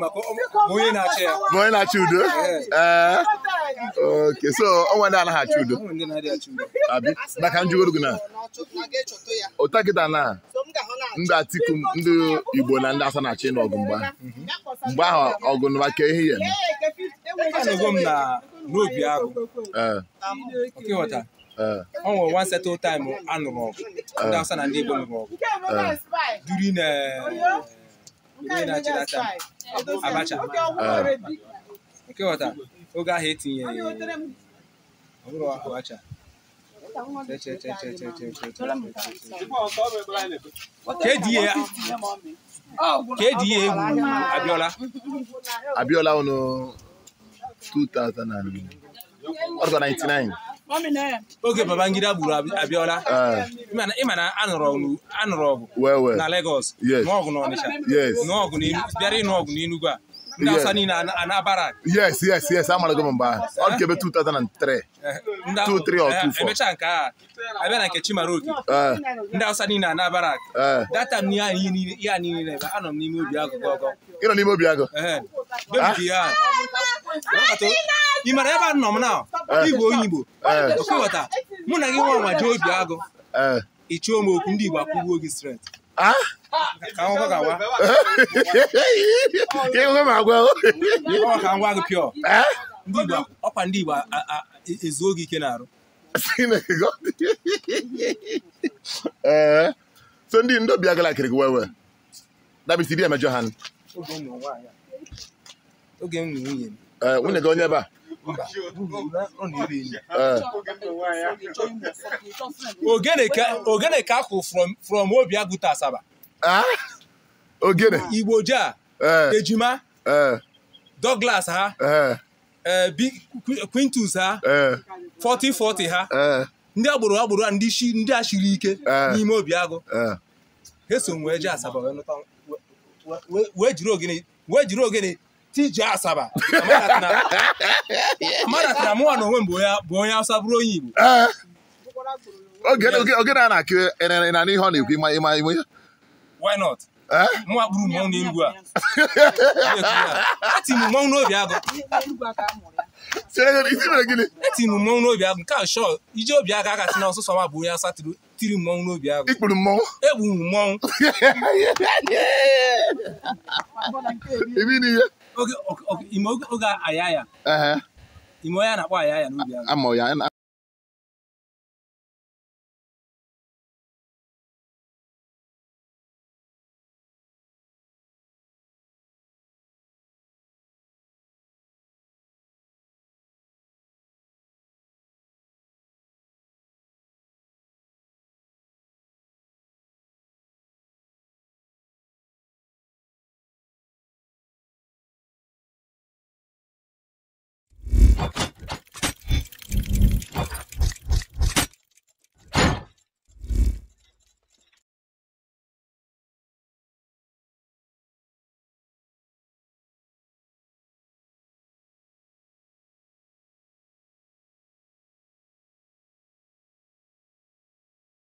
maka onye na-achị ya onye na-achị udo ee eh, eh. oke so ọnwa ndị anaghị achị udo maka njụgoro gị na ụta na ndị atiku ndị igbo na ndị asa na-achị n'ọgụ mgbe mgbe ahụ ọgụ na maka ihe ya n'obi arụ ọ nwere one settle time anụrụ ọgụ ndị asa na ndị igbo nụrụ ọgụ duri na ihe na-achịlacha abacha ịkewọta oge ahụ etinyere ọhụrụ abacha ka ya egwu abịọla abịọla ụnụ 2000 99 oge Babangida gburu Abiola ịmana anụrụ ọgụ na Lagos nụọ ọgụ n'Ọnịcha bịara ịnụ ọgụ n'Enugu a ndị Hausa niile anabara yes yes yes amarago m mgbe ahụ ọ dịka ebe 2003 or 24 emechaa nke a abịa na nke Chimaroke ndị Awụsa niile data m niile anọ nọ n'ime obi agụgụ ọgọ n'ime obi ị mara ebe a nọ m na eh. igbo onye eh. igbo okwughọta mụ na gị nwa nwa ji obi agụ eh. ịchụọ m okwu ndị igbo akwụgbuo gị stret ah. ka ngwa gị pịọ ndị igbo ọkwa ndị igbo e, ezuo gị ike na-arụ so ndị ndobi agala akịrị gị wewe dabisi bịa mejọ ha oge m nwunye m nwunye gị onye ebe a ogene ka akwụ from Obia gute Asaba ogene Igboja Ejima Douglas ha Quintus ha 4040 ha ndị agbụrụ agbụrụ a ndị a shiri ike n'ime Obiagụ ha so wee jee Asaba wee jiri ogene tije asaba amaratara mụnwa na onwe m bụ onye awụsa bụrụ onye igbo oge na na-akị na n'ihe ọ na-ekwu ịma ịma ịma why not eh? mụnwa kpụrụ mmọnwụ n'enugwu a ati m mmọnwụ n'obi agụ eti m mmọnwụ n'obi agụ nke a shọ ije obi aga akachi na ọsụsọ ma bụ onye asatiri tiri mmọnwụ n'obi agụ ikpuru mmọnwụ egburu mmọnwụ oge ime oge aya ya ime onye a na-akpọ aya ya n'obi agụ